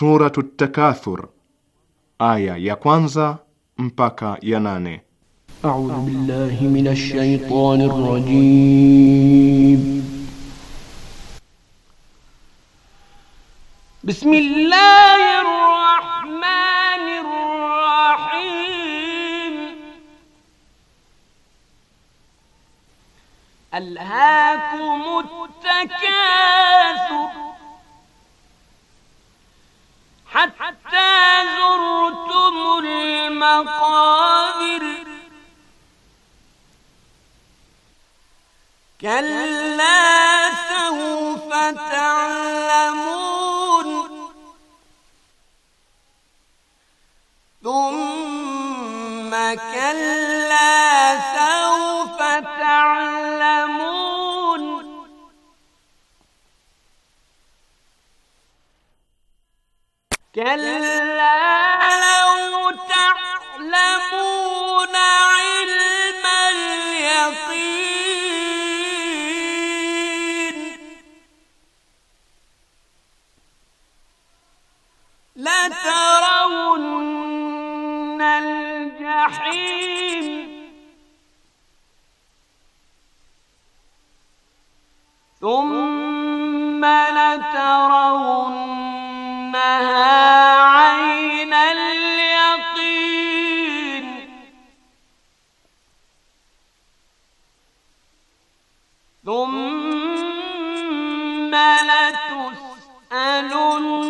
Suratu Takathur aya ya kwanza mpaka ya nane. A'udhu billahi minash shaitanir rajim. Bismillah كلا سوف تعلمون ثم كلا سوف تعلمون كلا لو تعلمون علم اليقين لترون الجحيم ثم لترونها عين اليقين ثم لتسألن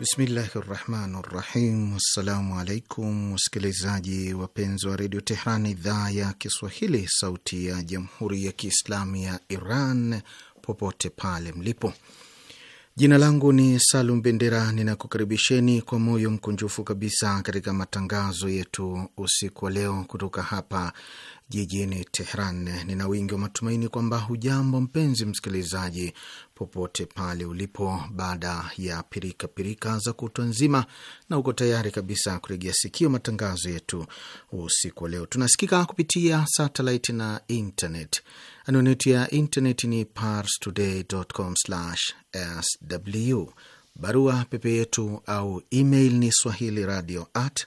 Bismillahi rahmani rahim. Assalamu alaikum wasikilizaji wapenzi wa redio Tehran, idhaa ya Kiswahili, sauti ya jamhuri ya kiislamu ya Iran, popote pale mlipo. Jina langu ni Salum Bendera, ninakukaribisheni kwa moyo mkunjufu kabisa katika matangazo yetu usiku wa leo kutoka hapa jijini Tehran. Nina wingi wa matumaini kwamba hujambo mpenzi msikilizaji, popote pale ulipo, baada ya pirika pirika za kutwa nzima, na uko tayari kabisa kuregea sikio matangazo yetu usiku wa leo. Tunasikika kupitia satellite na internet. Anwani ya internet ni parstoday.com/sw. Barua pepe yetu au email ni swahili radio at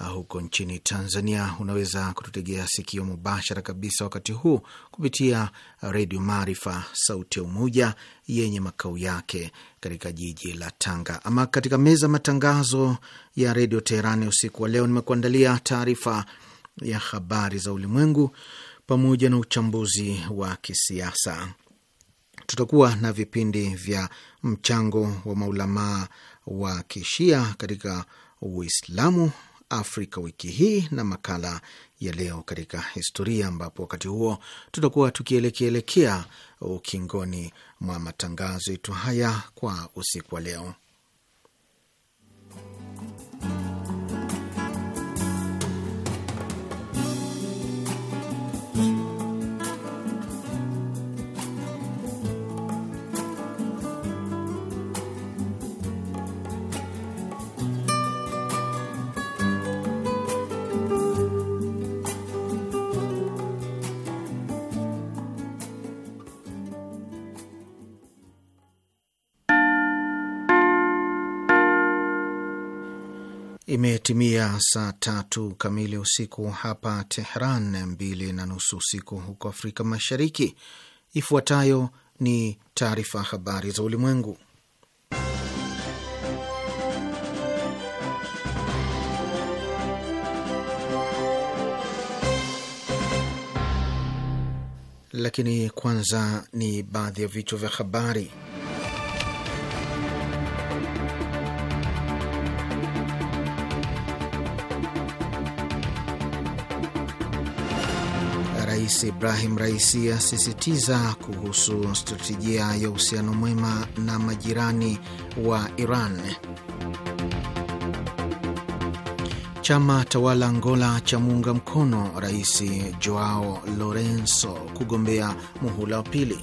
Ah, huko nchini Tanzania, unaweza kututegea sikio mubashara kabisa wakati huu kupitia Redio Maarifa, sauti ya Umoja, yenye makao yake katika jiji la Tanga. Ama katika meza matangazo ya Redio Teherani usiku wa leo, nimekuandalia taarifa ya habari za ulimwengu pamoja na uchambuzi wa kisiasa. Tutakuwa na vipindi vya mchango wa maulamaa wa kishia katika Uislamu Afrika wiki hii na makala ya leo katika historia, ambapo wakati huo tutakuwa tukielekeelekea ukingoni mwa matangazo yetu haya kwa usiku wa leo. Imetimia saa tatu kamili usiku hapa Tehran, mbili na nusu usiku huko Afrika Mashariki. Ifuatayo ni taarifa habari za ulimwengu, lakini kwanza ni baadhi ya vichwa vya habari. Rais Ibrahim Raisi asisitiza kuhusu stratejia ya uhusiano mwema na majirani wa Iran. Chama tawala Angola cha muunga mkono Rais Joao Lorenzo kugombea muhula wa pili.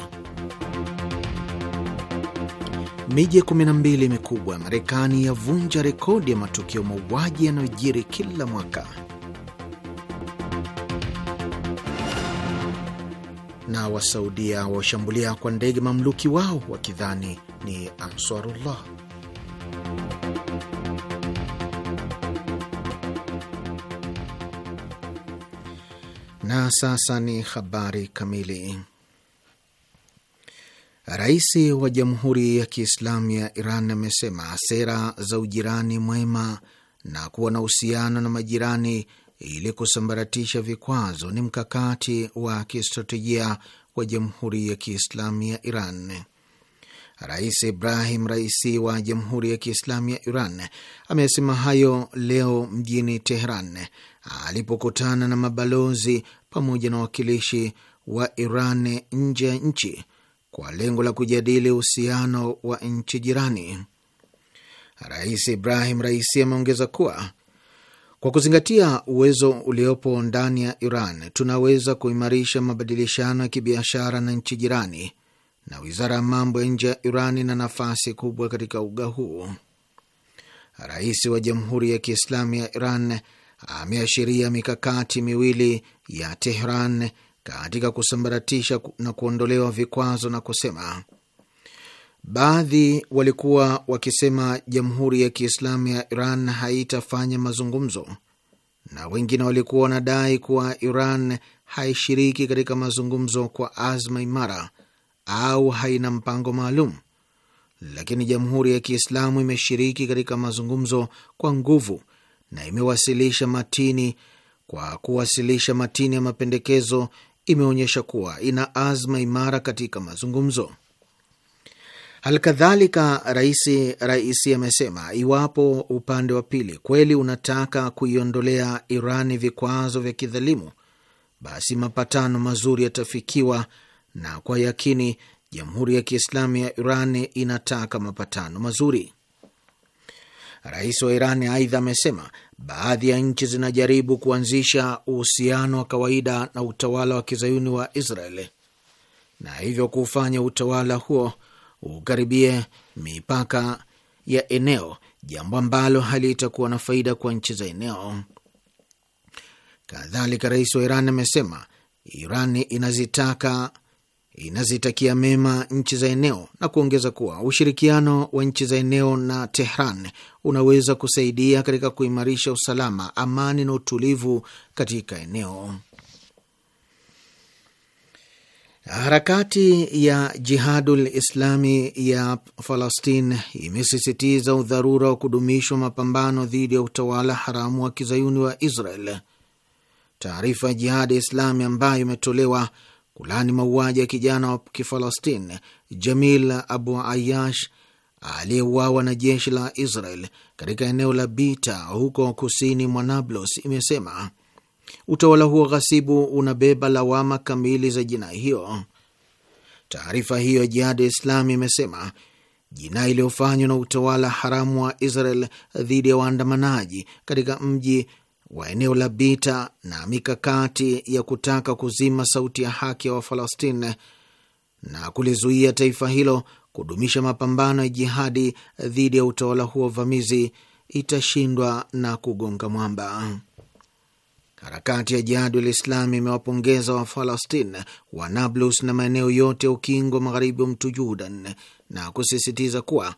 Miji 12 mikubwa ya Marekani yavunja rekodi ya matukio mauaji yanayojiri kila mwaka. na wasaudia washambulia kwa ndege mamluki wao wakidhani ni Ansarullah. Na sasa ni habari kamili. Rais wa Jamhuri ya Kiislamu ya Iran amesema sera za ujirani mwema na kuwa na uhusiano na majirani ili kusambaratisha vikwazo ni mkakati wa kistratejia wa Jamhuri ya Kiislamu ya Iran. Rais Ibrahim Raisi wa Jamhuri ya Kiislamu ya Iran amesema hayo leo mjini Teheran alipokutana na mabalozi pamoja na wakilishi wa Iran nje ya nchi kwa lengo la kujadili uhusiano wa nchi jirani. Rais Ibrahim Raisi ameongeza kuwa kwa kuzingatia uwezo uliopo ndani ya Iran, tunaweza kuimarisha mabadilishano ya kibiashara na nchi jirani, na wizara ya mambo ya nje ya Iran ina nafasi kubwa katika uga huu. Rais wa Jamhuri ya Kiislamu ya Iran ameashiria mikakati miwili ya Tehran katika kusambaratisha na kuondolewa vikwazo na kusema Baadhi walikuwa wakisema Jamhuri ya Kiislamu ya Iran haitafanya mazungumzo na wengine walikuwa wanadai kuwa Iran haishiriki katika mazungumzo kwa azma imara au haina mpango maalum. Lakini Jamhuri ya Kiislamu imeshiriki katika mazungumzo kwa nguvu na imewasilisha matini kwa kuwasilisha matini ya mapendekezo, imeonyesha kuwa ina azma imara katika mazungumzo. Halikadhalika, rais Raisi amesema iwapo upande wa pili kweli unataka kuiondolea Irani vikwazo vya kidhalimu, basi mapatano mazuri yatafikiwa, na kwa yakini Jamhuri ya Kiislamu ya Iran inataka mapatano mazuri. Rais wa Iran aidha amesema baadhi ya nchi zinajaribu kuanzisha uhusiano wa kawaida na utawala wa kizayuni wa Israeli na hivyo kuufanya utawala huo ukaribie mipaka ya eneo, jambo ambalo halitakuwa na faida kwa nchi za eneo. Kadhalika, rais wa Iran amesema Iran inazitaka inazitakia mema nchi za eneo na kuongeza kuwa ushirikiano wa nchi za eneo na Tehran unaweza kusaidia katika kuimarisha usalama, amani na utulivu katika eneo. Harakati ya Jihadul Islami ya falastin imesisitiza udharura wa kudumishwa mapambano dhidi ya utawala haramu wa kizayuni wa Israel. Taarifa ya Jihadi Islami ambayo imetolewa kulani mauaji ya kijana wa Kifalastin Jamil Abu Ayash aliyeuawa na jeshi la Israel katika eneo la Bita huko kusini mwa Nablus imesema Utawala huo ghasibu unabeba lawama kamili za jinai hiyo. Taarifa hiyo ya Jihadi ya Islami imesema jinai iliyofanywa na utawala haramu wa Israel dhidi ya waandamanaji katika mji wa eneo la Bita na mikakati ya kutaka kuzima sauti ya haki ya wafalastine na kulizuia taifa hilo kudumisha mapambano ya jihadi dhidi ya utawala huo vamizi itashindwa na kugonga mwamba. Harakati ya Jihadi la Islami imewapongeza Wafalastin wa Nablus na maeneo yote ya ukingo magharibi wa mto Jordan na kusisitiza kuwa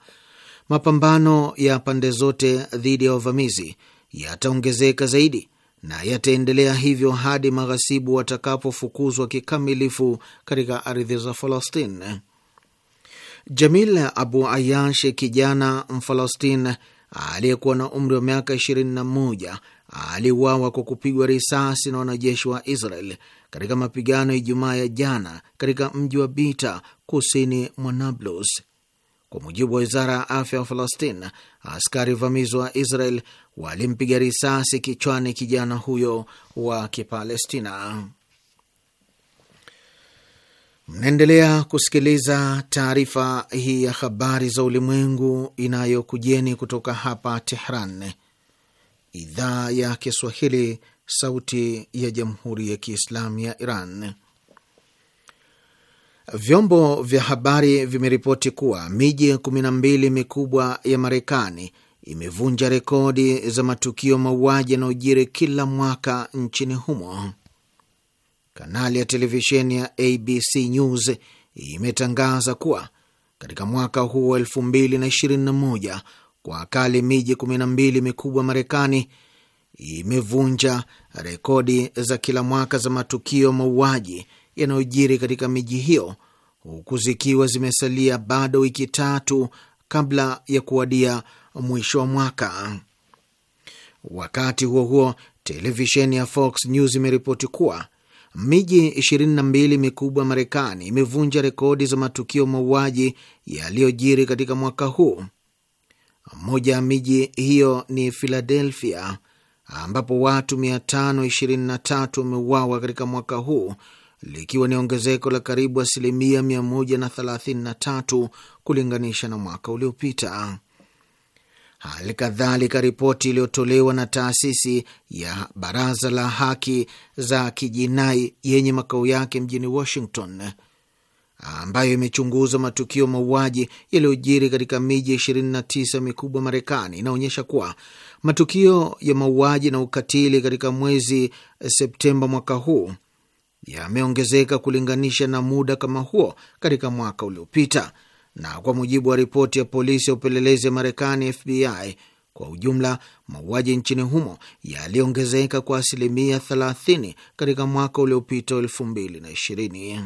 mapambano ya pande zote dhidi ya wavamizi yataongezeka zaidi na yataendelea hivyo hadi maghasibu watakapofukuzwa kikamilifu katika ardhi za Falastin. Jamil Abu Ayash, kijana Mfalastin aliyekuwa na umri wa miaka 21 aliuawa kwa kupigwa risasi na wanajeshi wa Israel katika mapigano ya Ijumaa ya jana katika mji wa Bita kusini mwa Nablus. Kwa mujibu wa wizara ya afya wa Palestina, askari vamizi wa Israel walimpiga risasi kichwani kijana huyo wa Kipalestina. Mnaendelea kusikiliza taarifa hii ya habari za ulimwengu inayokujeni kutoka hapa Tehran, idhaa ya Kiswahili, sauti ya jamhuri ya kiislamu ya Iran. Vyombo vya habari vimeripoti kuwa miji kumi na mbili mikubwa ya Marekani imevunja rekodi za matukio mauaji yanayojiri kila mwaka nchini humo. Kanali ya televisheni ya ABC News imetangaza kuwa katika mwaka huu wa 2021 kwa akali miji kumi na mbili mikubwa Marekani imevunja rekodi za kila mwaka za matukio mauaji yanayojiri katika miji hiyo huku zikiwa zimesalia bado wiki tatu kabla ya kuwadia mwisho wa mwaka. Wakati huo huo, televisheni ya Fox News imeripoti kuwa miji 22 mikubwa Marekani imevunja rekodi za matukio mauaji yaliyojiri katika mwaka huu moja ya miji hiyo ni Filadelfia, ambapo watu 523 wameuawa katika mwaka huu, likiwa ni ongezeko la karibu asilimia 133 kulinganisha na mwaka uliopita. Hali kadhalika ripoti iliyotolewa na taasisi ya Baraza la Haki za Kijinai yenye makao yake mjini Washington ambayo imechunguza matukio mauaji yaliyojiri katika miji 29 mikubwa Marekani inaonyesha kuwa matukio ya mauaji na ukatili katika mwezi Septemba mwaka huu yameongezeka kulinganisha na muda kama huo katika mwaka uliopita. Na kwa mujibu wa ripoti ya polisi ya upelelezi ya Marekani, FBI, kwa ujumla mauaji nchini humo yaliongezeka kwa asilimia 30 katika mwaka uliopita 2020.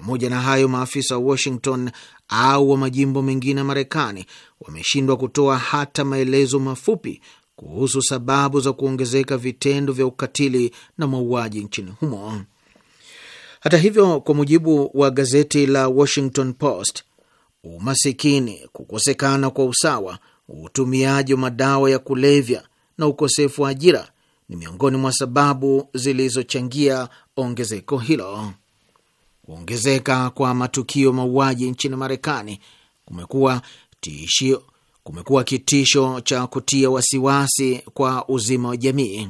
Pamoja na hayo, maafisa wa Washington au wa majimbo mengine ya Marekani wameshindwa kutoa hata maelezo mafupi kuhusu sababu za kuongezeka vitendo vya ukatili na mauaji nchini humo. Hata hivyo, kwa mujibu wa gazeti la Washington Post, umasikini, kukosekana kwa usawa, utumiaji wa madawa ya kulevya na ukosefu wa ajira ni miongoni mwa sababu zilizochangia ongezeko hilo. Kuongezeka kwa matukio mauaji nchini Marekani kumekuwa tishio, kumekuwa kitisho cha kutia wasiwasi kwa uzima wa jamii.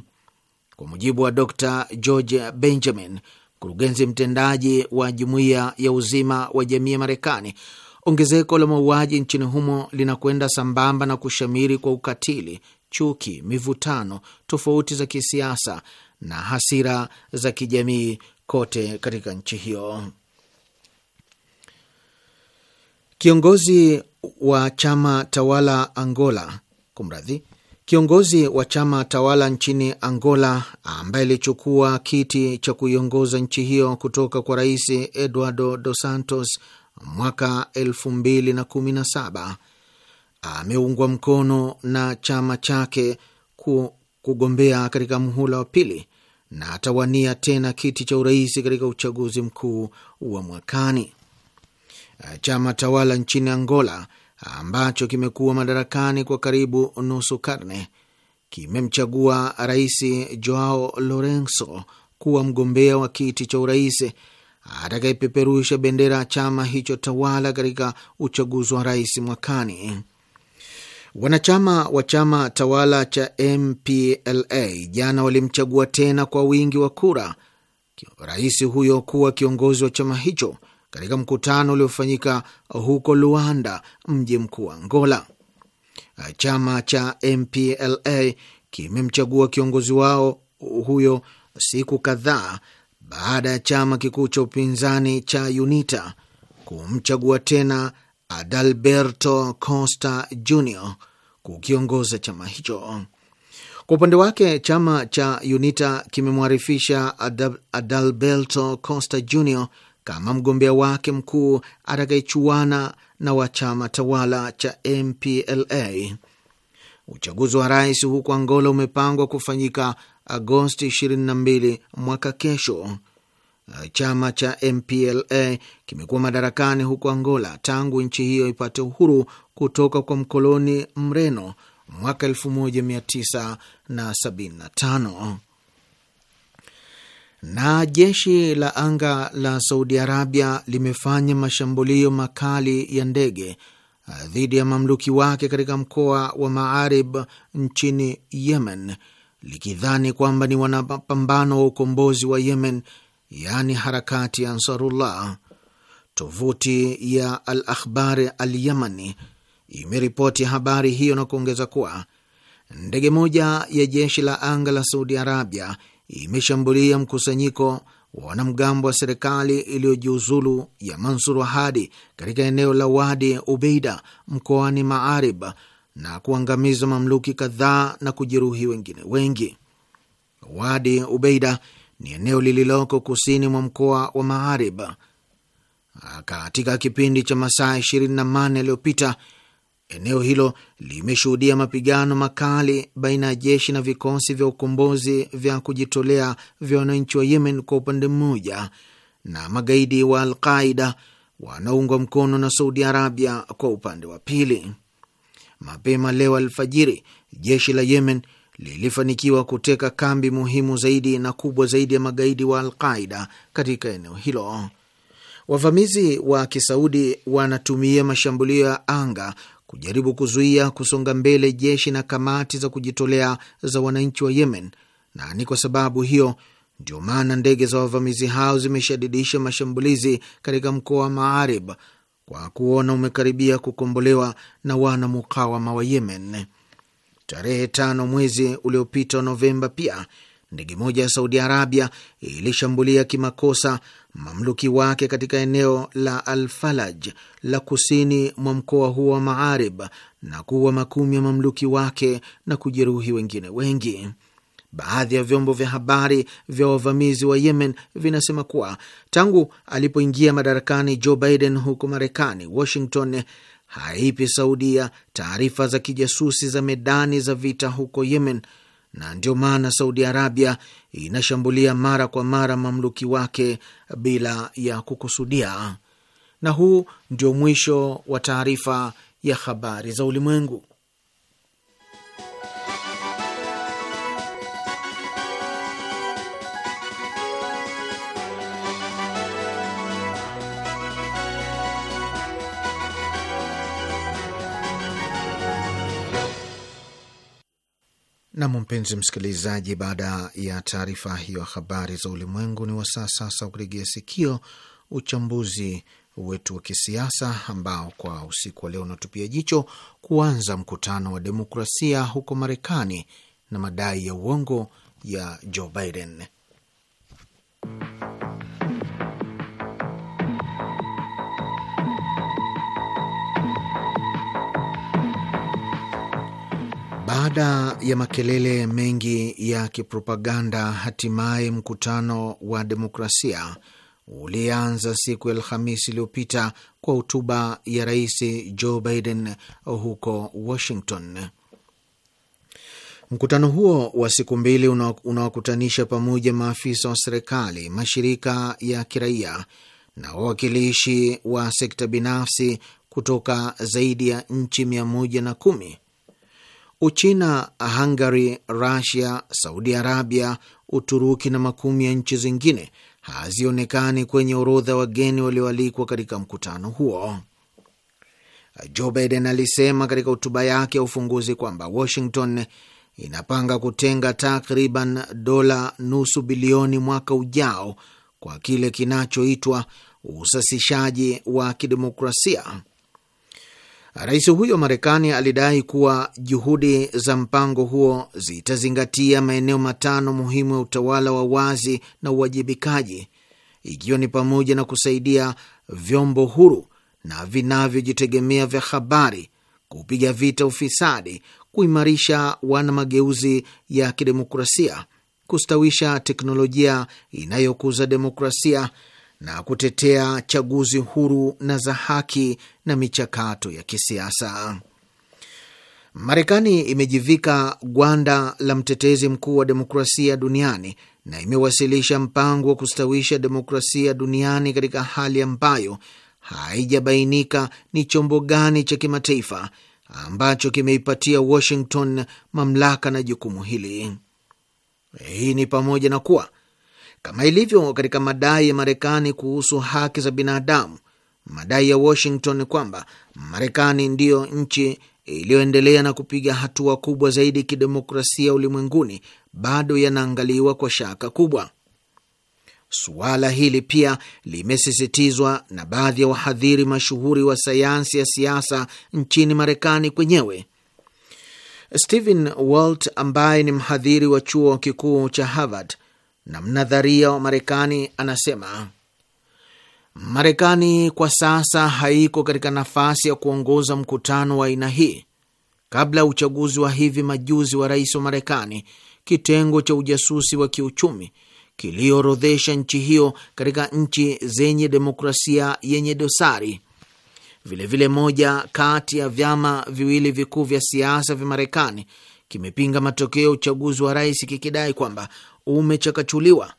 Kwa mujibu wa Dr George Benjamin, mkurugenzi mtendaji wa jumuiya ya uzima wa jamii ya Marekani, ongezeko la mauaji nchini humo linakwenda sambamba na kushamiri kwa ukatili, chuki, mivutano, tofauti za kisiasa na hasira za kijamii kote katika nchi hiyo. Kiongozi wa chama tawala Angola, kumradhi, kiongozi wa chama tawala nchini Angola ambaye alichukua kiti cha kuiongoza nchi hiyo kutoka kwa Rais Eduardo Dos Santos mwaka 217 ameungwa mkono na chama chake kugombea katika muhula wa pili na atawania tena kiti cha urais katika uchaguzi mkuu wa mwakani. Chama tawala nchini Angola ambacho kimekuwa madarakani kwa karibu nusu karne kimemchagua Rais Joao Lorenzo kuwa mgombea wa kiti cha urais atakayepeperusha bendera ya chama hicho tawala katika uchaguzi wa rais mwakani. Wanachama wa chama tawala cha MPLA jana walimchagua tena kwa wingi wa kura rais huyo kuwa kiongozi wa chama hicho katika mkutano uliofanyika huko Luanda, mji mkuu wa Angola. Chama cha MPLA kimemchagua kiongozi wao huyo siku kadhaa baada ya chama kikuu cha upinzani cha UNITA kumchagua tena Adalberto Costa Jr kukiongoza chama hicho. Kwa upande wake, chama cha UNITA kimemwarifisha Adalberto Costa Jr kama mgombea wake mkuu atakayechuana na wa chama tawala cha MPLA. Uchaguzi wa rais huko Angola umepangwa kufanyika Agosti 22 mwaka kesho. Chama cha MPLA kimekuwa madarakani huko Angola tangu nchi hiyo ipate uhuru kutoka kwa mkoloni Mreno mwaka 1975. Na jeshi la anga la Saudi Arabia limefanya mashambulio makali ya ndege eh, dhidi ya mamluki wake katika mkoa wa Maarib nchini Yemen, likidhani kwamba ni wanapambano wa ukombozi wa Yemen yani harakati ya Ansarullah. Tovuti ya Al Akhbar Al Yamani imeripoti habari hiyo na kuongeza kuwa ndege moja ya jeshi la anga la Saudi Arabia imeshambulia mkusanyiko wa wanamgambo wa serikali iliyojiuzulu ya Mansur Hadi katika eneo la Wadi Ubeida mkoani Maarib na kuangamiza mamluki kadhaa na kujeruhi wengine wengi. Wadi Ubeida ni eneo lililoko kusini mwa mkoa wa Maarib. Katika kipindi cha masaa 24 yaliyopita, eneo hilo limeshuhudia mapigano makali baina ya jeshi na vikosi vya ukombozi vya kujitolea vya wananchi wa Yemen kwa upande mmoja na magaidi wa Alqaida wanaungwa mkono na Saudi Arabia kwa upande wa pili. Mapema leo alfajiri, jeshi la Yemen lilifanikiwa kuteka kambi muhimu zaidi na kubwa zaidi ya magaidi wa Alqaida katika eneo hilo. Wavamizi wa Kisaudi wanatumia mashambulio ya anga kujaribu kuzuia kusonga mbele jeshi na kamati za kujitolea za wananchi wa Yemen, na ni kwa sababu hiyo ndio maana ndege za wavamizi hao zimeshadidisha mashambulizi katika mkoa wa Maarib kwa kuona umekaribia kukombolewa na wana mukawama wa Yemen. Tarehe tano mwezi uliopita wa Novemba pia ndege moja ya Saudi Arabia ilishambulia kimakosa mamluki wake katika eneo la Alfalaj la kusini mwa mkoa huo wa Maarib na kuua makumi ya mamluki wake na kujeruhi wengine wengi. Baadhi ya vyombo vya habari vya wavamizi wa Yemen vinasema kuwa tangu alipoingia madarakani Joe Biden huko Marekani, Washington haipi Saudia taarifa za kijasusi za medani za vita huko Yemen, na ndio maana Saudi Arabia inashambulia mara kwa mara mamluki wake bila ya kukusudia. Na huu ndio mwisho wa taarifa ya habari za ulimwengu. Nam, mpenzi msikilizaji, baada ya taarifa hiyo habari za ulimwengu, ni wasaa sasa wa kurejea sikio uchambuzi wetu wa kisiasa ambao kwa usiku wa leo unatupia jicho kuanza mkutano wa demokrasia huko Marekani na madai ya uongo ya Joe Biden. Baada ya makelele mengi ya kipropaganda, hatimaye mkutano wa demokrasia ulianza siku ya Alhamisi iliyopita kwa hotuba ya Rais Joe Biden huko Washington. Mkutano huo wa siku mbili unawakutanisha pamoja maafisa wa serikali, mashirika ya kiraia na wawakilishi wa sekta binafsi kutoka zaidi ya nchi mia moja na kumi Uchina, Hungary, Rusia, Saudi Arabia, Uturuki na makumi ya nchi zingine hazionekani kwenye orodha wageni walioalikwa katika mkutano huo. Joe Biden alisema katika hotuba yake ya ufunguzi kwamba Washington inapanga kutenga takriban dola nusu bilioni mwaka ujao kwa kile kinachoitwa usasishaji wa kidemokrasia Rais huyo wa Marekani alidai kuwa juhudi za mpango huo zitazingatia maeneo matano muhimu ya utawala wa wazi na uwajibikaji, ikiwa ni pamoja na kusaidia vyombo huru na vinavyojitegemea vya habari, kupiga vita ufisadi, kuimarisha wana mageuzi ya kidemokrasia, kustawisha teknolojia inayokuza demokrasia na kutetea chaguzi huru na za haki na michakato ya kisiasa. Marekani imejivika gwanda la mtetezi mkuu wa demokrasia duniani na imewasilisha mpango wa kustawisha demokrasia duniani katika hali ambayo haijabainika ni chombo gani cha kimataifa ambacho kimeipatia Washington mamlaka na jukumu hili. Hii ni pamoja na kuwa kama ilivyo katika madai ya Marekani kuhusu haki za binadamu, madai ya Washington kwamba Marekani ndiyo nchi iliyoendelea na kupiga hatua kubwa zaidi kidemokrasia ulimwenguni bado yanaangaliwa kwa shaka kubwa. Suala hili pia limesisitizwa na baadhi ya wahadhiri mashuhuri wa sayansi ya siasa nchini Marekani kwenyewe. Stephen Walt ambaye ni mhadhiri wa chuo kikuu cha Harvard na mnadharia wa Marekani anasema Marekani kwa sasa haiko katika nafasi ya kuongoza mkutano wa aina hii. Kabla ya uchaguzi wa hivi majuzi wa rais wa Marekani, kitengo cha ujasusi wa kiuchumi kiliorodhesha nchi hiyo katika nchi zenye demokrasia yenye dosari. Vilevile vile moja kati ya vyama viwili vikuu vya siasa vya Marekani kimepinga matokeo ya uchaguzi wa rais kikidai kwamba umechakachuliwa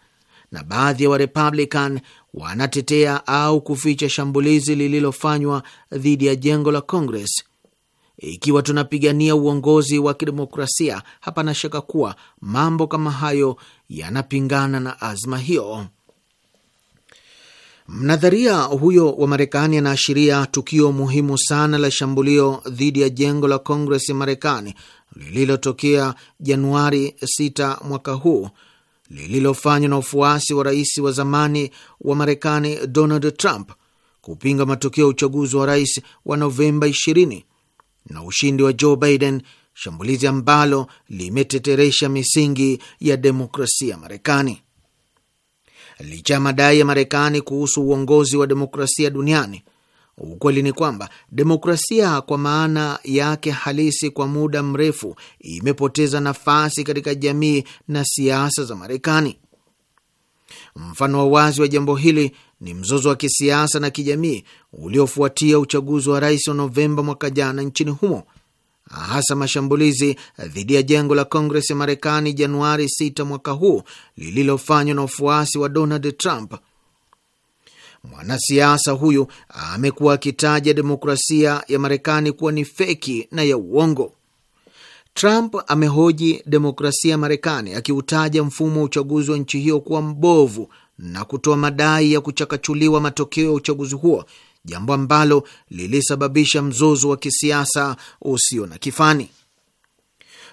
na baadhi ya wa Warepublican wanatetea au kuficha shambulizi lililofanywa dhidi ya jengo la Congress. Ikiwa tunapigania uongozi wa kidemokrasia, hapana shaka kuwa mambo kama hayo yanapingana na azma hiyo. Mnadharia huyo wa Marekani anaashiria tukio muhimu sana la shambulio dhidi ya jengo la Congress ya Marekani lililotokea Januari 6 mwaka huu lililofanywa na ufuasi wa rais wa zamani wa Marekani Donald Trump kupinga matokeo ya uchaguzi wa rais wa Novemba 20 na ushindi wa Joe Biden, shambulizi ambalo limeteteresha misingi ya demokrasia Marekani. Licha ya madai ya Marekani kuhusu uongozi wa demokrasia duniani, Ukweli ni kwamba demokrasia kwa maana yake halisi kwa muda mrefu imepoteza nafasi katika jamii na siasa za Marekani. Mfano wa wazi wa jambo hili ni mzozo wa kisiasa na kijamii uliofuatia uchaguzi wa rais wa Novemba mwaka jana nchini humo, hasa mashambulizi dhidi ya jengo la Kongres ya Marekani Januari 6 mwaka huu lililofanywa na wafuasi wa Donald Trump Mwanasiasa huyu amekuwa akitaja demokrasia ya Marekani kuwa ni feki na ya uongo. Trump amehoji demokrasia ya Marekani akiutaja mfumo wa uchaguzi wa nchi hiyo kuwa mbovu na kutoa madai ya kuchakachuliwa matokeo ya uchaguzi huo, jambo ambalo lilisababisha mzozo wa kisiasa usio na kifani.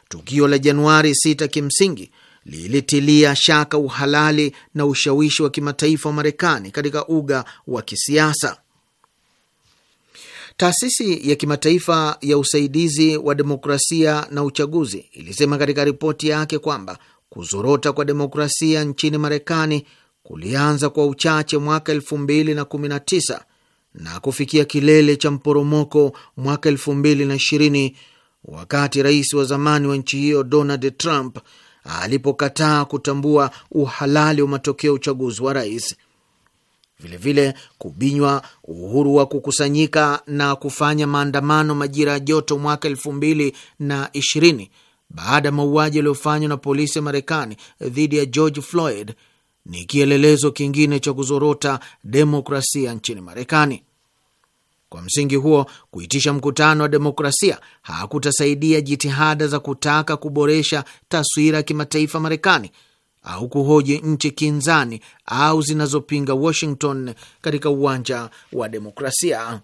Tukio la Januari 6 kimsingi lilitilia shaka uhalali na ushawishi wa kimataifa wa Marekani katika uga wa kisiasa. Taasisi ya kimataifa ya usaidizi wa demokrasia na uchaguzi ilisema katika ripoti yake kwamba kuzorota kwa demokrasia nchini Marekani kulianza kwa uchache mwaka elfu na na kufikia kilele cha mporomoko mwaka elfu wakati rais wa zamani wa nchi hiyo Donald Trump alipokataa kutambua uhalali wa matokeo ya uchaguzi wa rais. Vilevile vile, kubinywa uhuru wa kukusanyika na kufanya maandamano majira ya joto mwaka elfu mbili na ishirini baada ya mauaji yaliyofanywa na polisi ya Marekani dhidi ya George Floyd ni kielelezo kingine cha kuzorota demokrasia nchini Marekani. Kwa msingi huo, kuitisha mkutano wa demokrasia hakutasaidia jitihada za kutaka kuboresha taswira ya kimataifa Marekani au kuhoji nchi kinzani au zinazopinga Washington katika uwanja wa demokrasia.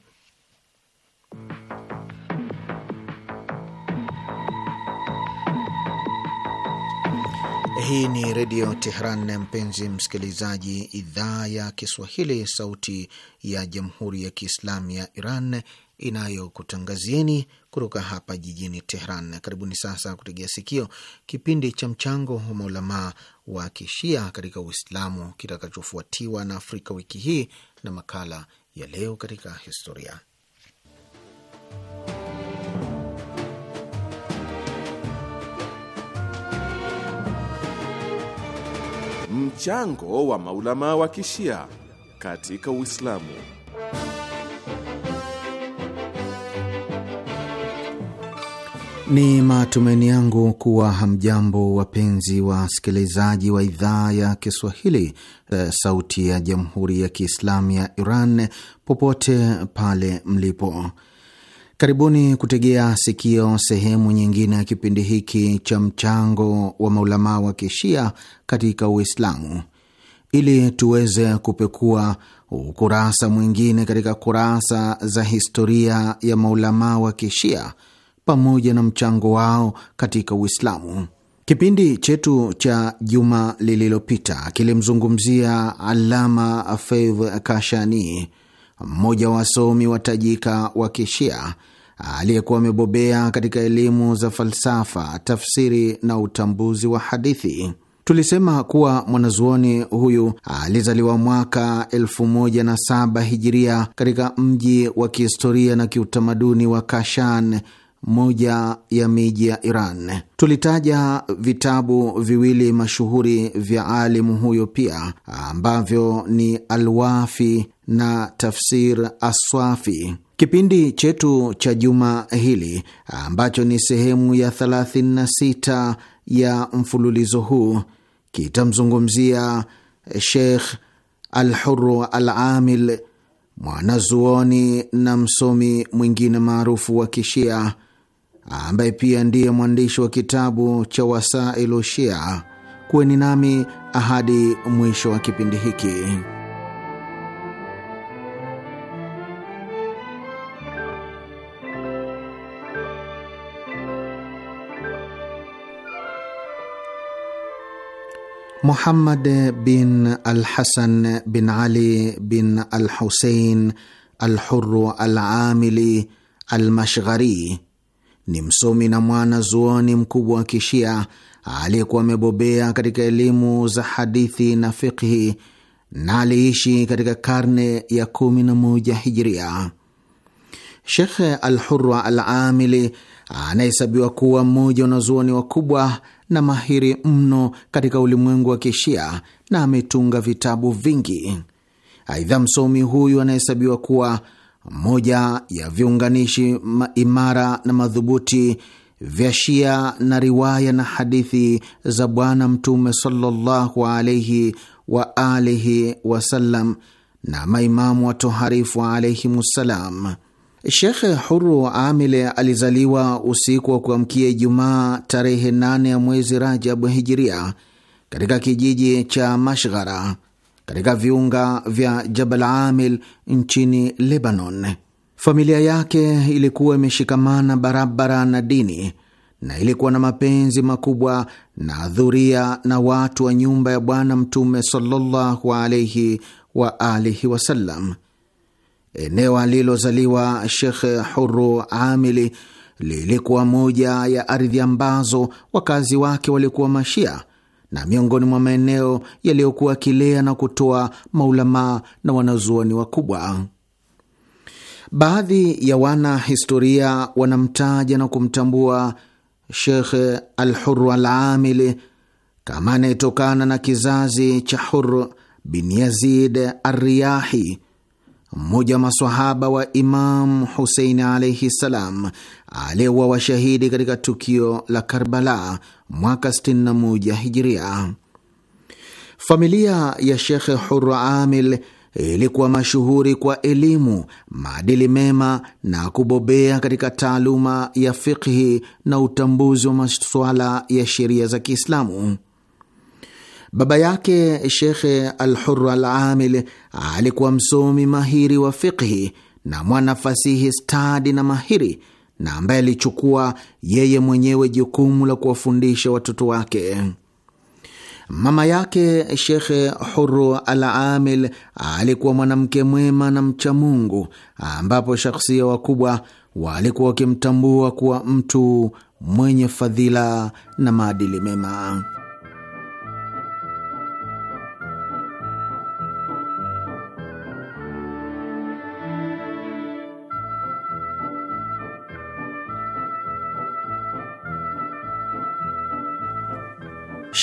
Hii ni Redio Tehran, mpenzi msikilizaji, idhaa ya Kiswahili, sauti ya Jamhuri ya Kiislamu ya Iran inayokutangazieni kutoka hapa jijini Tehran. Karibuni sasa kutegea sikio kipindi cha mchango wa maulamaa wa kishia katika Uislamu kitakachofuatiwa na Afrika wiki hii na makala ya leo katika historia. Mchango wa maulama wa kishia katika Uislamu. Ni matumaini yangu kuwa hamjambo, wapenzi wa wasikilizaji wa idhaa ya Kiswahili, eh, sauti ya jamhuri ya kiislamu ya Iran, popote pale mlipo. Karibuni kutegea sikio sehemu nyingine ya kipindi hiki cha mchango wa maulamaa wa kishia katika Uislamu ili tuweze kupekua ukurasa mwingine katika kurasa za historia ya maulamaa wa kishia pamoja na mchango wao katika Uislamu. Kipindi chetu cha juma lililopita kilimzungumzia Alama Faidh Kashani, mmoja wa wasomi wa kishia aliyekuwa amebobea katika elimu za falsafa, tafsiri na utambuzi wa hadithi. Tulisema kuwa mwanazuoni huyu alizaliwa mwaka 1007 hijiria katika mji wa kihistoria na kiutamaduni wa Kashan, moja ya miji ya Iran. Tulitaja vitabu viwili mashuhuri vya alimu huyo pia ambavyo ni Alwafi na Tafsir Aswafi. Kipindi chetu cha juma hili ambacho ni sehemu ya 36 ya mfululizo huu kitamzungumzia Sheikh Alhuru Alamil, mwanazuoni na msomi mwingine maarufu wa Kishia ambaye pia ndiye mwandishi wa kitabu cha Wasailu Shia. Kuweni nami ahadi mwisho wa kipindi hiki. Muhammad bin al hasan bin Ali bin Alhusein Amili Alamili Almashghari ni msomi na mwana zuoni mkubwa wa Kishia aliyekuwa amebobea katika elimu za hadithi na fiqhi na aliishi katika karne ya kumi na moja Hijiria. Shekhe al al Alamili anahesabiwa kuwa mmoja wanazuoni wakubwa na mahiri mno katika ulimwengu wa Kishia na ametunga vitabu vingi. Aidha, msomi huyu anahesabiwa kuwa moja ya viunganishi imara na madhubuti vya Shia na riwaya na hadithi za Bwana Mtume sallallahu alaihi wa alihi wasallam na maimamu watoharifu alaihimssalam. Shekhe Huru Amile alizaliwa usiku wa kuamkia Ijumaa tarehe 8 ya mwezi Rajab Hijiria katika kijiji cha Mashghara katika viunga vya Jabal Amil nchini Lebanon. Familia yake ilikuwa imeshikamana barabara na dini na ilikuwa na mapenzi makubwa na dhuria na watu wa nyumba ya Bwana Mtume sallallahu alaihi wa alihi wasallam. Eneo alilozaliwa Shekh Huru Amili lilikuwa moja ya ardhi ambazo wakazi wake walikuwa Mashia na miongoni mwa maeneo yaliyokuwa akilea na kutoa maulamaa na wanazuoni wakubwa. Baadhi ya wana historia wanamtaja na kumtambua Shekh Alhuru Alamili kama anayetokana na kizazi cha Hur bin Yazid Arriyahi mmoja wa maswahaba wa imam Husein alaihi ssalam, aliyewa washahidi katika tukio la Karbala mwaka 61 Hijiria. Familia ya Shekhe Hurra Amil ilikuwa mashuhuri kwa elimu, maadili mema na kubobea katika taaluma ya fiqhi na utambuzi wa masuala ya sheria za Kiislamu. Baba yake Shekhe Alhur Alamil alikuwa msomi mahiri wa fiqhi na mwana fasihi stadi na mahiri, na ambaye alichukua yeye mwenyewe jukumu la kuwafundisha watoto wake. Mama yake Shekhe Huru Al Amil alikuwa mwanamke mwema na mcha Mungu, ambapo shakhsia wakubwa walikuwa wakimtambua kuwa mtu mwenye fadhila na maadili mema.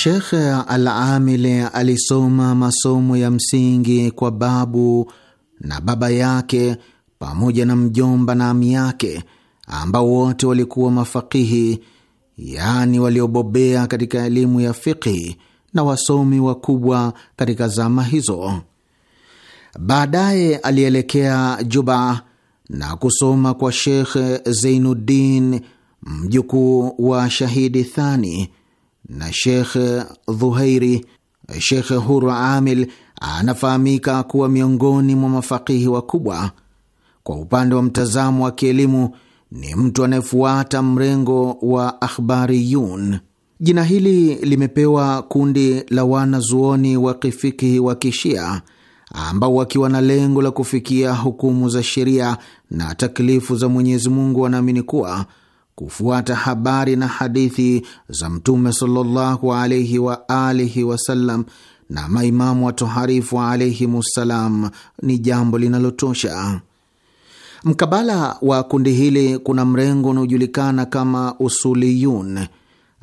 shekhe Alamili alisoma masomo ya msingi kwa babu na baba yake pamoja na mjomba na ami yake ambao wote walikuwa mafakihi, yaani waliobobea katika elimu ya fiqhi na wasomi wakubwa katika zama hizo. Baadaye alielekea Juba na kusoma kwa Shekh Zeinuddin, mjukuu wa Shahidi Thani na Shekh Dhuhairi. Shekhe Huru Amil anafahamika kuwa miongoni mwa mafakihi wakubwa. Kwa upande wa mtazamo wa kielimu, ni mtu anayefuata mrengo wa akhbariyun. Jina hili limepewa kundi la wanazuoni wa kifiki wa Kishia ambao wakiwa na lengo la kufikia hukumu za sheria na taklifu za Mwenyezi Mungu wanaamini kuwa kufuata habari na hadithi za Mtume sallallahu alaihi wa alihi wasallam na maimamu watoharifu ssalam ni jambo linalotosha. Mkabala wa kundi hili kuna mrengo unaojulikana kama usuliyun,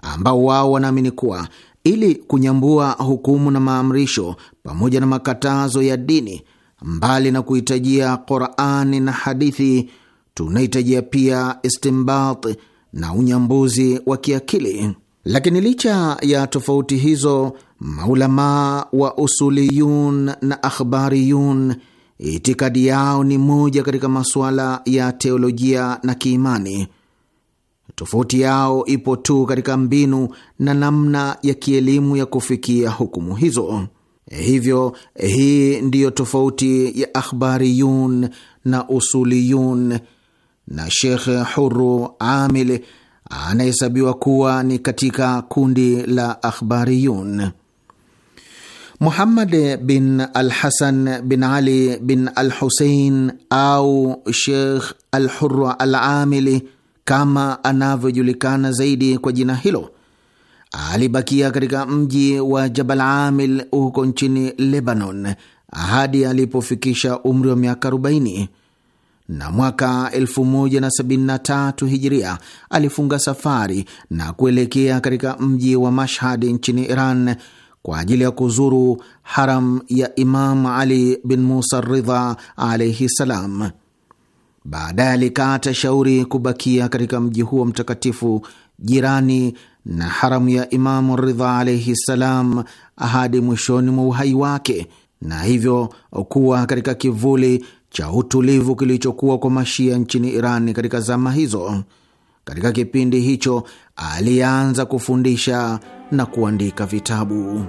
ambao wao wanaamini kuwa ili kunyambua hukumu na maamrisho pamoja na makatazo ya dini, mbali na kuhitajia Qurani na hadithi tunahitajia pia istimbat na unyambuzi wa kiakili. Lakini licha ya tofauti hizo, maulamaa wa usuliyun na akhbariyun itikadi yao ni moja katika masuala ya teolojia na kiimani. Tofauti yao ipo tu katika mbinu na namna ya kielimu ya kufikia hukumu hizo. Hivyo hii ndiyo tofauti ya akhbariyun na usuliyun na Shekhe Huru Amil anahesabiwa kuwa ni katika kundi la Akhbariyun. Muhammad bin al Hasan bin Ali bin al Husein au shekh al Huru al Amili kama anavyojulikana zaidi kwa jina hilo, alibakia katika mji wa Jabal Amil huko nchini Lebanon hadi alipofikisha umri wa miaka 40 na mwaka 1073 Hijiria alifunga safari na kuelekea katika mji wa Mashhad nchini Iran kwa ajili ya kuzuru haram ya Imam Ali bin Musa Ridha alaihi ssalam. Baadaye alikata shauri kubakia katika mji huo mtakatifu jirani na haramu ya Imamu Ridha alaihi ssalam hadi mwishoni mwa uhai wake, na hivyo kuwa katika kivuli cha utulivu kilichokuwa kwa Mashia nchini Iran katika zama hizo. Katika kipindi hicho alianza kufundisha na kuandika vitabu.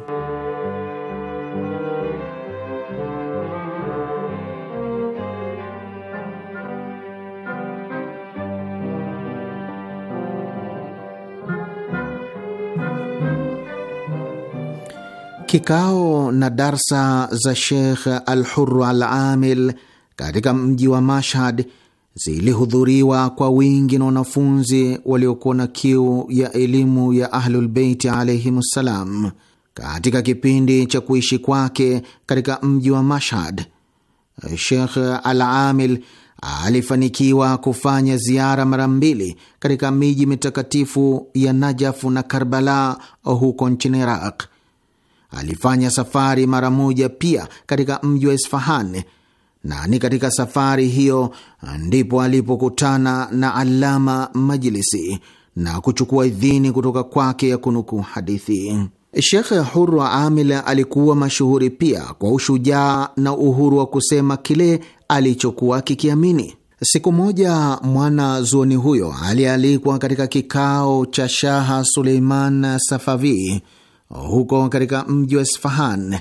Kikao na darsa za Sheikh Alhuru Alamil katika mji wa Mashhad zilihudhuriwa kwa wingi na wanafunzi waliokuwa na kiu ya elimu ya Ahlulbeiti alaihimussalam. Katika kipindi cha kuishi kwake katika mji wa Mashhad, Shekh Al Amil alifanikiwa kufanya ziara mara mbili katika miji mitakatifu ya Najafu na Karbala huko nchini Iraq. Alifanya safari mara moja pia katika mji wa Isfahan na ni katika safari hiyo ndipo alipokutana na Alama Majlisi na kuchukua idhini kutoka kwake ya kunukuu hadithi. Shekhe Hurwa Amil alikuwa mashuhuri pia kwa ushujaa na uhuru wa kusema kile alichokuwa kikiamini. Siku moja mwana zuoni huyo alialikwa katika kikao cha Shaha Suleiman Safavi huko katika mji wa Isfahan.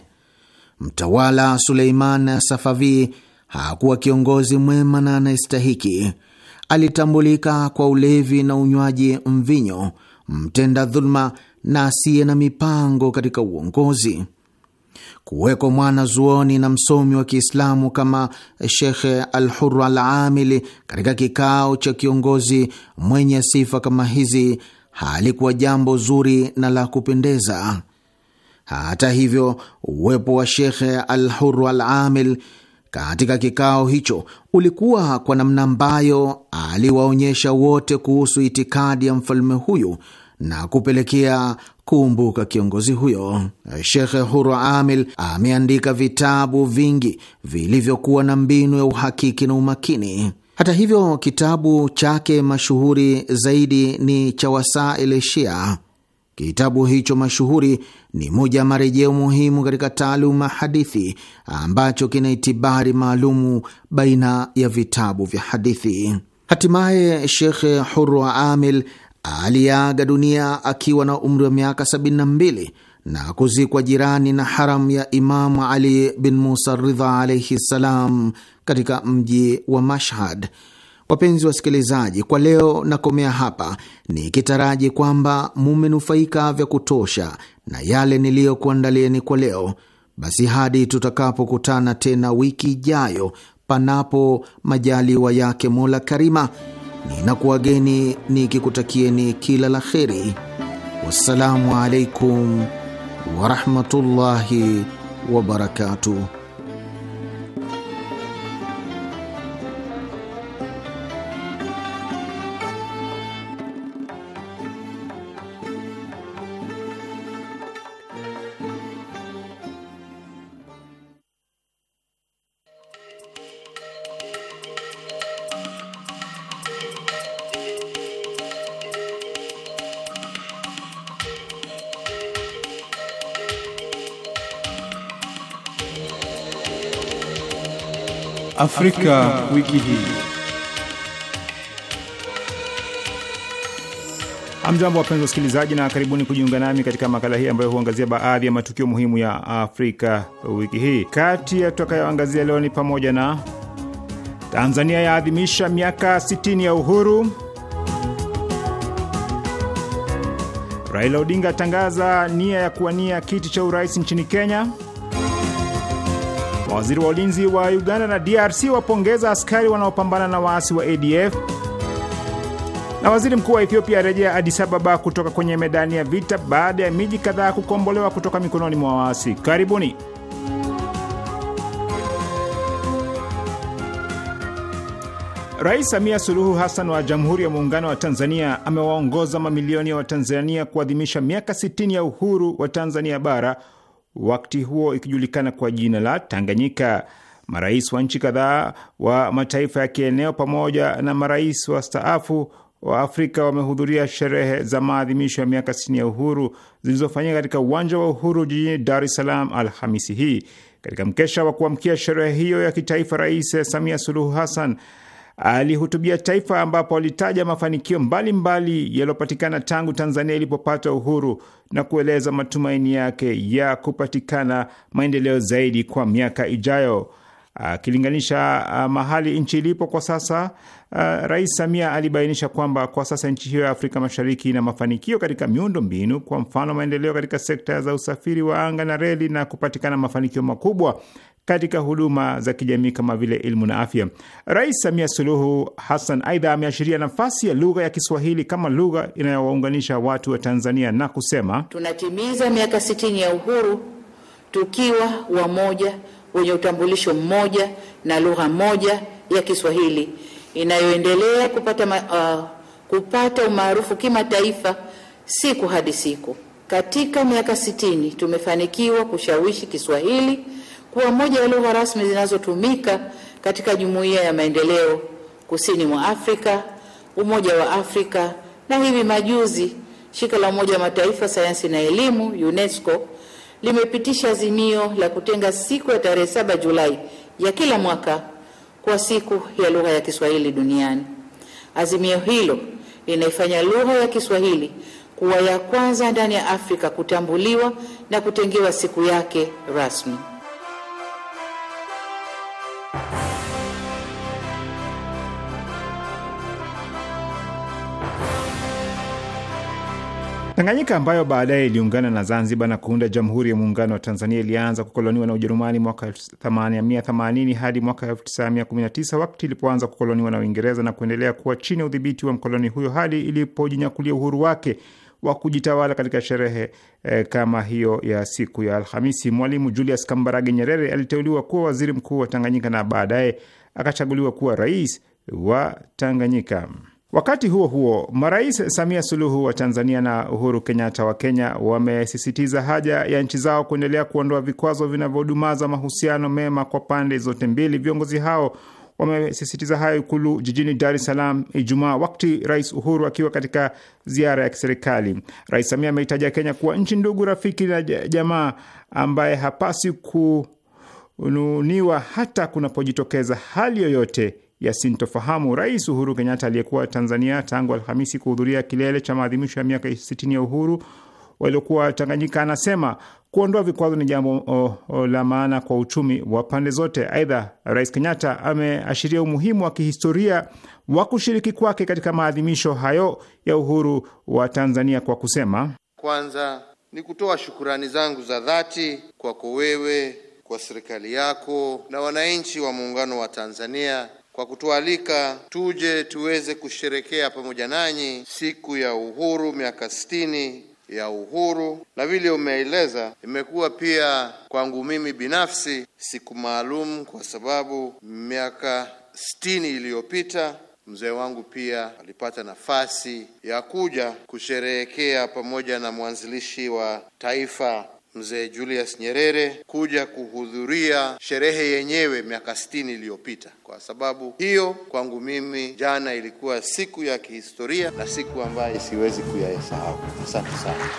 Mtawala Suleiman Safavi hakuwa kiongozi mwema na anayestahiki. Alitambulika kwa ulevi na unywaji mvinyo, mtenda dhuluma na asiye na mipango katika uongozi. kuweko mwana zuoni na msomi wa Kiislamu kama Shekhe Alhuru Al Amili katika kikao cha kiongozi mwenye sifa kama hizi halikuwa jambo zuri na la kupendeza. Hata hivyo, uwepo wa Shekhe Alhuru Al Amil katika kikao hicho ulikuwa kwa namna ambayo aliwaonyesha wote kuhusu itikadi ya mfalme huyu na kupelekea kumbuka kiongozi huyo. Shekhe Huru Amil ameandika vitabu vingi vilivyokuwa na mbinu ya uhakiki na umakini. Hata hivyo, kitabu chake mashuhuri zaidi ni cha Wasail Shia. Kitabu hicho mashuhuri ni moja ya marejeo muhimu katika taaluma hadithi ambacho kina itibari maalumu baina ya vitabu vya hadithi. Hatimaye shekhe Hurwa Amil aliaga dunia akiwa na umri wa miaka 72 na kuzikwa jirani na haram ya Imamu Ali bin Musa Ridha alaihi ssalam katika mji wa Mashhad. Wapenzi wasikilizaji, kwa leo nakomea hapa nikitaraji kwamba mumenufaika vya kutosha na yale niliyokuandalieni kwa leo. Basi hadi tutakapokutana tena wiki ijayo, panapo majaliwa yake Mola Karima, ninakuwageni nikikutakieni kila la kheri. Wassalamu alaikum warahmatullahi wabarakatuh. Afrika, wiki hii. Hamjambo wapenzi wasikilizaji, na karibuni kujiunga nami katika makala hii ambayo huangazia baadhi ya matukio muhimu ya Afrika wiki hii. Kati ya tutakayoangazia leo ni pamoja na Tanzania yaadhimisha miaka 60 ya uhuru, Raila Odinga atangaza nia ya kuwania kiti cha urais nchini Kenya Mawaziri wa ulinzi wa Uganda na DRC wapongeza askari wanaopambana na waasi wa ADF na waziri mkuu wa Ethiopia arejea Addis Ababa kutoka kwenye medani ya vita baada ya miji kadhaa kukombolewa kutoka mikononi mwa waasi. Karibuni. Rais Samia Suluhu Hassan wa Jamhuri ya Muungano wa Tanzania amewaongoza mamilioni ya Watanzania kuadhimisha miaka 60 ya uhuru wa Tanzania bara wakati huo ikijulikana kwa jina la Tanganyika. Marais wa nchi kadhaa wa mataifa ya kieneo pamoja na marais wastaafu wa Afrika wamehudhuria sherehe za maadhimisho ya miaka sitini ya uhuru zilizofanyika katika uwanja wa Uhuru jijini Dar es Salaam Alhamisi hii. Katika mkesha wa kuamkia sherehe hiyo ya kitaifa, Rais Samia Suluhu Hassan alihutubia taifa ambapo alitaja mafanikio mbalimbali yaliyopatikana tangu Tanzania ilipopata uhuru na kueleza matumaini yake ya kupatikana maendeleo zaidi kwa miaka ijayo. Akilinganisha ah, mahali nchi ilipo kwa sasa, ah, Rais Samia alibainisha kwamba kwa sasa nchi hiyo ya Afrika Mashariki ina mafanikio katika miundo mbinu, kwa mfano maendeleo katika sekta za usafiri wa anga na reli na kupatikana mafanikio makubwa katika huduma za kijamii kama vile elimu na afya. Rais Samia Suluhu Hassan aidha ameashiria nafasi ya lugha ya Kiswahili kama lugha inayowaunganisha watu wa Tanzania na kusema, tunatimiza miaka sitini ya uhuru tukiwa wamoja, wenye utambulisho mmoja na lugha moja ya Kiswahili inayoendelea kupata, uh, kupata umaarufu kimataifa siku hadi siku. Katika miaka sitini tumefanikiwa kushawishi Kiswahili kuwa moja ya lugha rasmi zinazotumika katika Jumuiya ya Maendeleo Kusini mwa Afrika, Umoja wa Afrika na hivi majuzi shirika la Umoja wa Mataifa sayansi na elimu UNESCO limepitisha azimio la kutenga siku ya tarehe saba Julai ya kila mwaka kwa siku ya lugha ya Kiswahili duniani. Azimio hilo linaifanya lugha ya Kiswahili kuwa ya kwanza ndani ya Afrika kutambuliwa na kutengewa siku yake rasmi. Tanganyika ambayo baadaye iliungana na Zanzibar na kuunda Jamhuri ya Muungano wa Tanzania ilianza kukoloniwa na Ujerumani mwaka 1880 hadi mwaka 1919 wakati ilipoanza kukoloniwa na Uingereza na kuendelea kuwa chini ya udhibiti wa mkoloni huyo hadi ilipojinyakulia uhuru wake wa kujitawala katika sherehe eh, kama hiyo ya siku ya Alhamisi. Mwalimu Julius Kambarage Nyerere aliteuliwa kuwa waziri mkuu wa Tanganyika na baadaye akachaguliwa kuwa rais wa Tanganyika. Wakati huo huo, marais Samia Suluhu wa Tanzania na Uhuru Kenyatta wa Kenya wamesisitiza haja ya nchi zao kuendelea kuondoa vikwazo vinavyodumaza mahusiano mema kwa pande zote mbili. Viongozi hao wamesisitiza hayo Ikulu jijini Dar es Salaam Ijumaa, wakati Rais Uhuru akiwa katika ziara ya kiserikali. Rais Samia ameitaja Kenya kuwa nchi ndugu, rafiki na jamaa ambaye hapasi kununiwa hata kunapojitokeza hali yoyote ya sintofahamu. Rais Uhuru Kenyatta aliyekuwa Tanzania tangu Alhamisi kuhudhuria kilele cha maadhimisho ya miaka 60 ya uhuru waliokuwa Tanganyika, anasema kuondoa vikwazo ni jambo la maana kwa uchumi wa pande zote. Aidha, Rais Kenyatta ameashiria umuhimu wa kihistoria wa kushiriki kwake katika maadhimisho hayo ya uhuru wa Tanzania kwa kusema, kwanza ni kutoa shukurani zangu za dhati kwako wewe, kwa serikali yako na wananchi wa muungano wa Tanzania kwa kutualika tuje tuweze kusherekea pamoja nanyi siku ya uhuru, miaka sitini ya uhuru. Na vile umeeleza, imekuwa pia kwangu mimi binafsi siku maalum, kwa sababu miaka sitini iliyopita mzee wangu pia alipata nafasi ya kuja kusherehekea pamoja na mwanzilishi wa taifa mzee Julius Nyerere kuja kuhudhuria sherehe yenyewe miaka sitini iliyopita. Kwa sababu hiyo, kwangu mimi jana ilikuwa siku ya kihistoria na siku ambayo siwezi kuyasahau. Asante sana.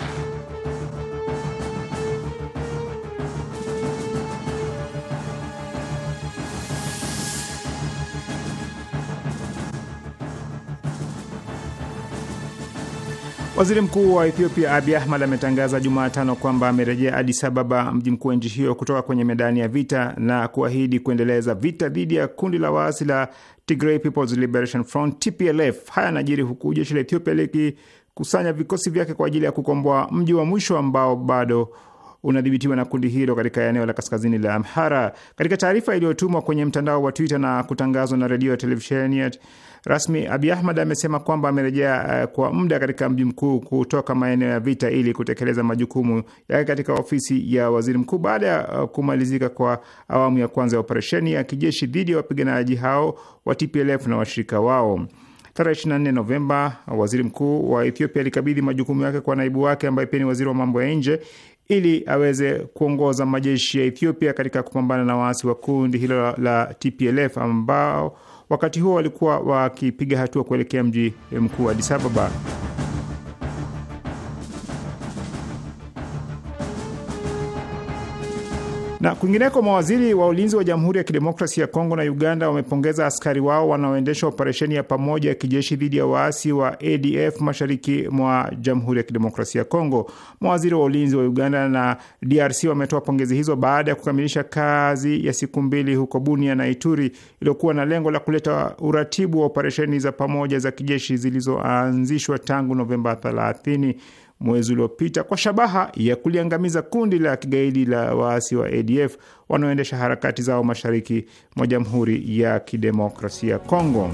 Waziri mkuu wa Ethiopia Abiy Ahmed ametangaza Jumatano kwamba amerejea Addis Ababa, mji mkuu wa nchi hiyo, kutoka kwenye medani ya vita na kuahidi kuendeleza vita dhidi ya kundi la waasi la Tigray People's Liberation Front TPLF. Haya yanajiri huku jeshi la Ethiopia likikusanya vikosi vyake kwa ajili ya kukomboa mji wa mwisho ambao bado unadhibitiwa na kundi hilo katika eneo la kaskazini la Amhara. Katika taarifa iliyotumwa kwenye mtandao wa Twitter na kutangazwa na redio ya televisheni rasmi, Abi Ahmad amesema kwamba amerejea uh, kwa muda katika mji mkuu kutoka maeneo ya vita ili kutekeleza majukumu yake katika ofisi ya waziri mkuu baada ya uh, kumalizika kwa awamu ya kwanza ya operesheni ya kijeshi dhidi ya wapiganaji hao wa TPLF na washirika wao. Tarehe 24 Novemba, waziri mkuu wa Ethiopia alikabidhi majukumu yake kwa naibu wake ambaye pia ni waziri wa mambo ya nje ili aweze kuongoza majeshi ya Ethiopia katika kupambana na waasi wa kundi hilo la TPLF ambao Wakati huo walikuwa wakipiga hatua kuelekea mji mkuu Addis Ababa. Na kwingineko, mawaziri wa ulinzi wa Jamhuri ya Kidemokrasia ya Kongo na Uganda wamepongeza askari wao wanaoendesha operesheni ya pamoja ya kijeshi dhidi ya waasi wa ADF mashariki mwa Jamhuri ya Kidemokrasia ya Kongo. Mawaziri wa ulinzi wa Uganda na DRC wametoa pongezi hizo baada ya kukamilisha kazi ya siku mbili huko Bunia na Ituri iliyokuwa na lengo la kuleta uratibu wa operesheni za pamoja za kijeshi zilizoanzishwa tangu Novemba 30 mwezi uliopita kwa shabaha ya kuliangamiza kundi la kigaidi la waasi wa ADF wanaoendesha harakati zao mashariki mwa Jamhuri ya Kidemokrasia Kongo.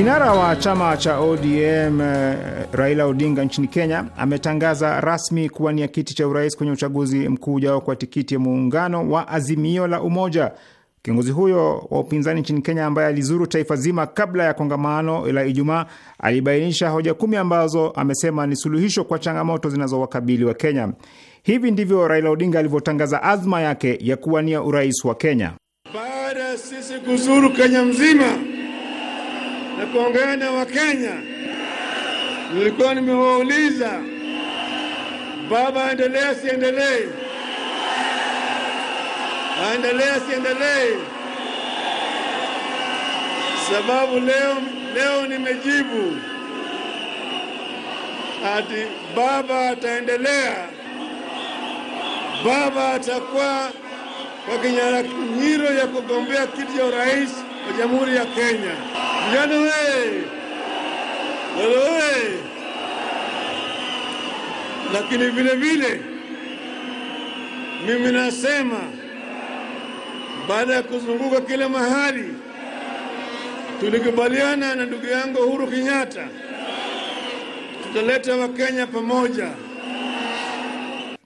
Kinara wa chama cha ODM eh, Raila Odinga nchini Kenya ametangaza rasmi kuwania kiti cha urais kwenye uchaguzi mkuu ujao kwa tikiti ya muungano wa Azimio la Umoja. Kiongozi huyo wa upinzani nchini Kenya ambaye alizuru taifa zima kabla ya kongamano la Ijumaa alibainisha hoja kumi ambazo amesema ni suluhisho kwa changamoto zinazowakabili wa Kenya. Hivi ndivyo Raila Odinga alivyotangaza azma yake ya kuwania urais wa Kenya baada ya sisi kuzuru Kenya mzima na kuongea na Wakenya. Nilikuwa nimewauliza baba aendelee asiendelee, aendelee asiendelee, sababu leo leo nimejibu ati baba ataendelea, baba atakuwa kwa kinyang'anyiro ya kugombea kiti ya urais wa Jamhuri ya Kenya. Vijana wee, wee! Lakini vile vile mimi nasema baada ya kuzunguka kila mahali, tulikubaliana na ndugu yangu Uhuru Kenyatta tutaleta Wakenya pamoja.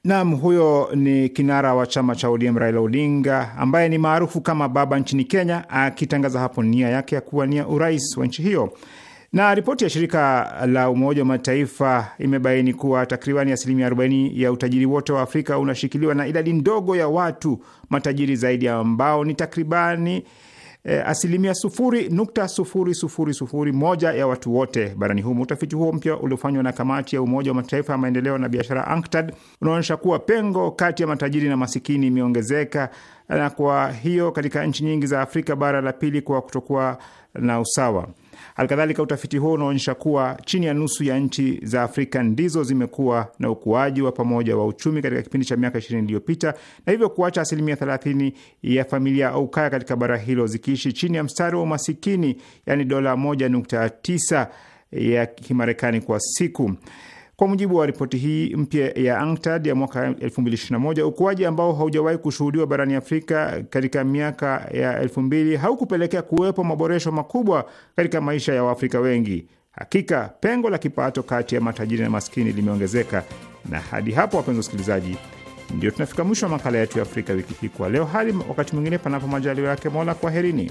Nam, huyo ni kinara wa chama cha ODM Raila Odinga ambaye ni maarufu kama Baba nchini Kenya, akitangaza hapo nia yake ya kuwania urais wa nchi hiyo. Na ripoti ya shirika la Umoja wa Mataifa imebaini kuwa takribani asilimia 40 ya utajiri wote wa Afrika unashikiliwa na idadi ndogo ya watu matajiri zaidi ambao ni takribani eh, asilimia sufuri nukta sufuri sufuri sufuri moja ya watu wote barani humo. Utafiti huo mpya uliofanywa na kamati ya Umoja wa Mataifa ya maendeleo na biashara ANKTAD unaonyesha kuwa pengo kati ya matajiri na masikini imeongezeka, na kwa hiyo katika nchi nyingi za Afrika bara la pili kwa kutokuwa na usawa Halikadhalika, utafiti huo unaonyesha kuwa chini ya nusu ya nchi za Afrika ndizo zimekuwa na ukuaji wa pamoja wa uchumi katika kipindi cha miaka ishirini iliyopita na hivyo kuacha asilimia thelathini ya familia au kaya katika bara hilo zikiishi chini ya mstari wa umasikini, yaani dola moja nukta tisa ya Kimarekani kwa siku. Kwa mujibu wa ripoti hii mpya ya UNCTAD ya mwaka 2021, ukuaji ambao haujawahi kushuhudiwa barani Afrika katika miaka ya 2000 haukupelekea kuwepo maboresho makubwa katika maisha ya Waafrika wengi. Hakika pengo la kipato kati ya matajiri na maskini limeongezeka. Na hadi hapo, wapenzi wasikilizaji, ndio tunafika mwisho wa makala yetu ya Afrika wiki hii kwa leo. Hadi wakati mwingine, panapo majaliwa yake Mola, kwaherini.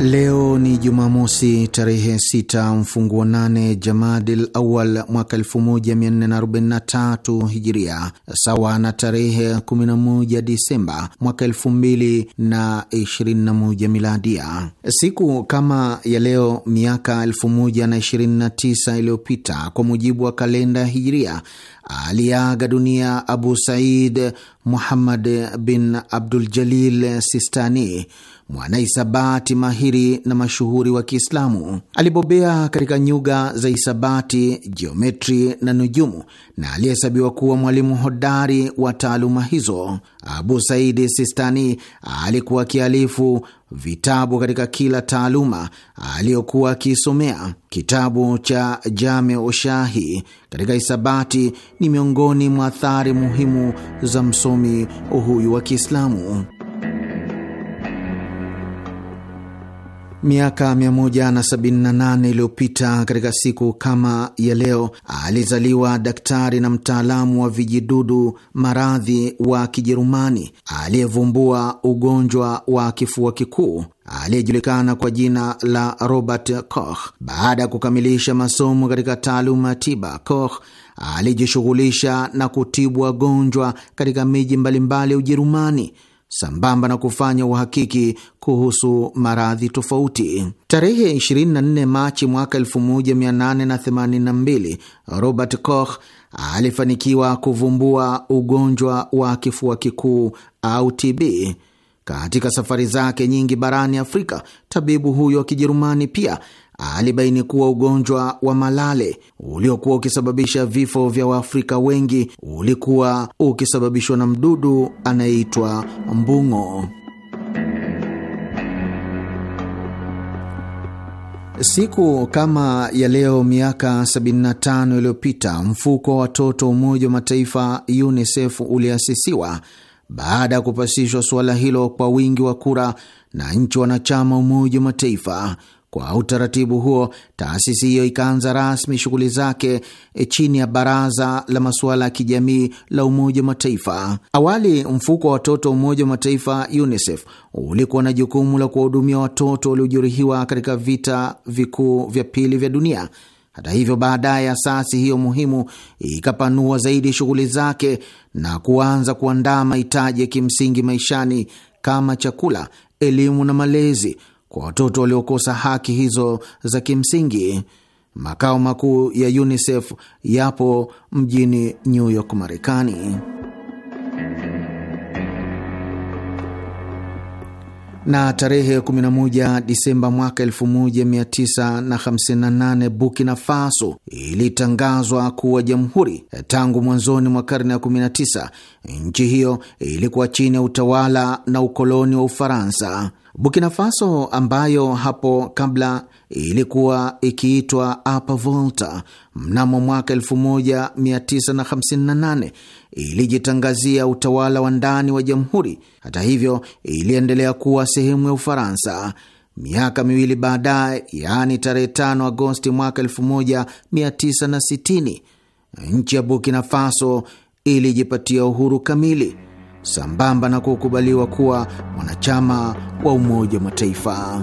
Leo ni Jumamosi, tarehe 6 mfunguo 8 Jamadil Awal mwaka 1443 Hijiria, sawa na tarehe 11 Disemba mwaka 2021 Miladia. Siku kama ya leo miaka 1029 iliyopita kwa mujibu wa kalenda Hijiria, aliaga dunia Abu Said Muhammad bin Abdul Jalil Sistani, mwanahisabati mahiri na mashuhuri wa Kiislamu. Alibobea katika nyuga za hisabati, jiometri na nujumu, na aliyehesabiwa kuwa mwalimu hodari wa taaluma hizo. Abu Saidi Sistani alikuwa akialifu vitabu katika kila taaluma aliyokuwa akiisomea. Kitabu cha Jame Ushahi katika hisabati ni miongoni mwa athari muhimu za msomi huyu wa Kiislamu. miaka 178 iliyopita katika siku kama ya leo alizaliwa daktari na mtaalamu wa vijidudu maradhi wa Kijerumani aliyevumbua ugonjwa wa kifua kikuu aliyejulikana kwa jina la Robert Koch. Baada ya kukamilisha masomo katika taaluma ya tiba, Koch alijishughulisha na kutibu wagonjwa katika miji mbalimbali ya Ujerumani sambamba na kufanya uhakiki kuhusu maradhi tofauti. Tarehe 24 Machi mwaka 1882 Robert Koch alifanikiwa kuvumbua ugonjwa wa kifua kikuu au TB. Katika safari zake nyingi barani Afrika, tabibu huyo wa Kijerumani pia alibaini kuwa ugonjwa wa malale uliokuwa ukisababisha vifo vya Waafrika wengi ulikuwa ukisababishwa na mdudu anayeitwa mbung'o. Siku kama ya leo miaka 75 iliyopita mfuko wa watoto wa Umoja wa Mataifa UNICEF uliasisiwa baada ya kupasishwa suala hilo kwa wingi wa kura na nchi wanachama Umoja wa Mataifa. Kwa utaratibu huo, taasisi hiyo ikaanza rasmi shughuli zake e, chini ya Baraza la Masuala ya Kijamii la Umoja wa Mataifa. Awali, mfuko wa watoto wa Umoja wa Mataifa UNICEF ulikuwa na jukumu la kuwahudumia watoto waliojeruhiwa katika vita vikuu vya pili vya dunia. Hata hivyo, baadaye asasi hiyo muhimu ikapanua zaidi shughuli zake na kuanza kuandaa mahitaji ya kimsingi maishani kama chakula, elimu na malezi kwa watoto waliokosa haki hizo za kimsingi. Makao makuu ya UNICEF yapo mjini New York, Marekani. na tarehe 11 Disemba mwaka 1958 Burkina Faso ilitangazwa kuwa jamhuri. Tangu mwanzoni mwa karne ya 19 nchi hiyo ilikuwa chini ya utawala na ukoloni wa Ufaransa. Burkina Faso ambayo hapo kabla ilikuwa ikiitwa Upper Volta, mnamo mwaka 1958 ilijitangazia utawala wa ndani wa jamhuri. Hata hivyo, iliendelea kuwa sehemu ya Ufaransa. Miaka miwili baadaye, yaani tarehe 5 Agosti mwaka 1960, nchi ya Burkina Faso ilijipatia uhuru kamili sambamba na kukubaliwa kuwa mwanachama wa Umoja wa Mataifa.